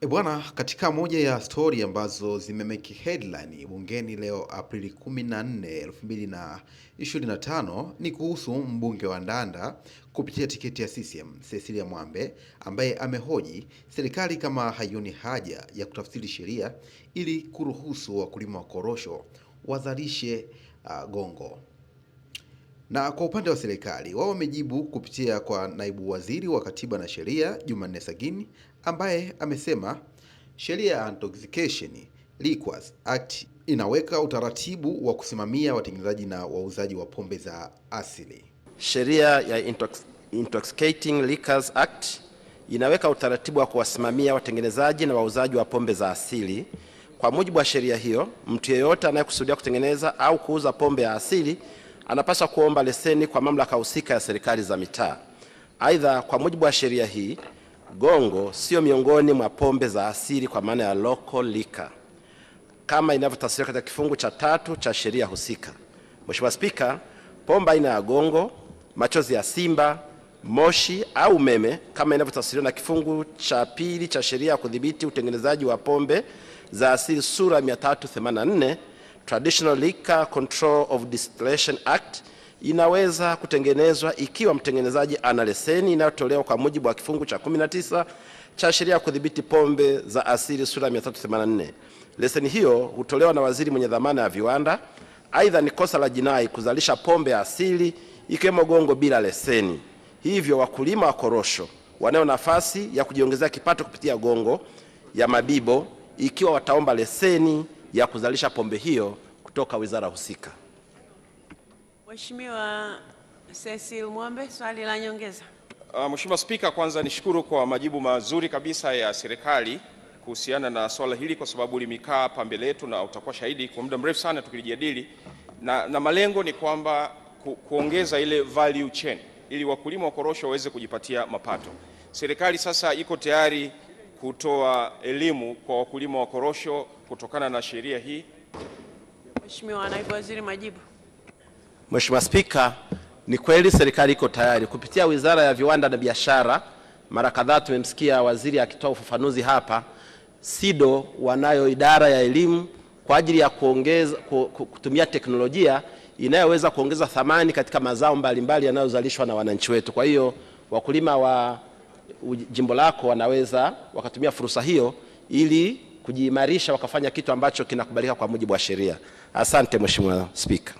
E bwana, katika moja ya stori ambazo zimemeki headline bungeni leo Aprili 14, 2025 ni kuhusu mbunge wa Ndanda kupitia tiketi ya CCM Cecilia Mwambe ambaye amehoji serikali kama haioni haja ya kutafsiri sheria ili kuruhusu wakulima wa korosho wazalishe uh, gongo. Na kwa upande wa serikali wao wamejibu kupitia kwa naibu waziri wa katiba na sheria Jumanne Sagini ambaye amesema sheria ya intoxication Liquors Act inaweka utaratibu wa kusimamia watengenezaji na wauzaji wa pombe za asili. Sheria ya Intox Intoxicating Liquors Act inaweka utaratibu wa kuwasimamia watengenezaji na wauzaji wa pombe za asili. Kwa mujibu wa sheria hiyo, mtu yeyote anayekusudia kutengeneza au kuuza pombe ya asili anapaswa kuomba leseni kwa mamlaka husika ya serikali za mitaa. Aidha, kwa mujibu wa sheria hii, gongo sio miongoni mwa pombe za asili kwa maana ya local liquor kama inavyotafsiriwa katika kifungu cha tatu cha sheria husika. Mheshimiwa Spika, pombe aina ya gongo, machozi ya simba, moshi au umeme kama inavyotafsiriwa na kifungu cha pili cha sheria ya kudhibiti utengenezaji wa pombe za asili sura 384 Traditional Liquor Control of Distillation Act inaweza kutengenezwa ikiwa mtengenezaji ana leseni inayotolewa kwa mujibu wa kifungu cha 19 cha sheria ya kudhibiti pombe za asili sura 384. Leseni hiyo hutolewa na waziri mwenye dhamana ya viwanda. Aidha, ni kosa la jinai kuzalisha pombe ya asili ikiwemo gongo bila leseni. Hivyo wakulima wa korosho wanayo nafasi ya kujiongezea kipato kupitia gongo ya mabibo ikiwa wataomba leseni ya kuzalisha pombe hiyo kutoka wizara husika. Mheshimiwa Cecil Mwambe, swali la nyongeza. Uh, Mheshimiwa Spika, kwanza nishukuru kwa majibu mazuri kabisa ya serikali kuhusiana na swala hili kwa sababu limekaa hapa mbele yetu na utakuwa shahidi kwa muda mrefu sana tukilijadili, na, na malengo ni kwamba ku, kuongeza ile value chain ili wakulima wa korosho waweze kujipatia mapato. Serikali sasa iko tayari kutoa elimu kwa wakulima wa korosho kutokana na sheria hii? Mheshimiwa Naibu Waziri, majibu. Mheshimiwa Spika, ni kweli serikali iko tayari kupitia Wizara ya Viwanda na Biashara. Mara kadhaa tumemsikia waziri akitoa ufafanuzi hapa. SIDO wanayo idara ya elimu kwa ajili ya kuongeza, kutumia teknolojia inayoweza kuongeza thamani katika mazao mbalimbali yanayozalishwa na wananchi wetu. Kwa hiyo wakulima wa jimbo lako wanaweza wakatumia fursa hiyo ili kujiimarisha wakafanya kitu ambacho kinakubalika kwa mujibu wa sheria. Asante Mheshimiwa Spika.